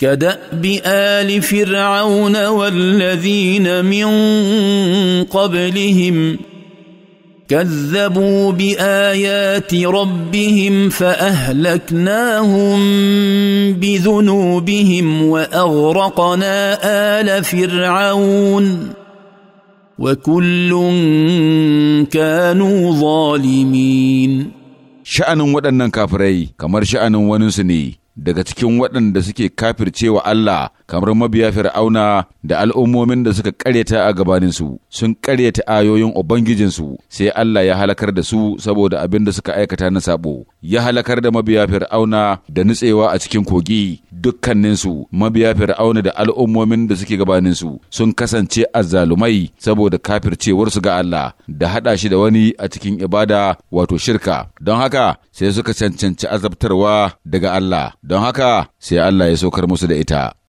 كداب ال فرعون والذين من قبلهم كذبوا بايات ربهم فاهلكناهم بذنوبهم واغرقنا ال فرعون وكل كانوا ظالمين شأن ودنن كافري كمر شأن ونسني daga cikin waɗanda suke kafircewa Allah kamar mabiya fir'auna da al'ummomin da suka karyata a gabaninsu sun karyata ayoyin ubangijinsu sai Allah ya halakar da su saboda abin da suka aikata na sabo ya halakar da mabiya fir'auna da nutsewa a cikin kogi dukkaninsu mabiya fir'auna da al'ummomin da suke gabaninsu sun kasance azzalumai saboda kafircewarsu ga Allah da haɗa shi da wani a cikin ibada wato shirka don haka sai suka cancanci azabtarwa daga Allah don haka sai Allah ya saukar musu da ita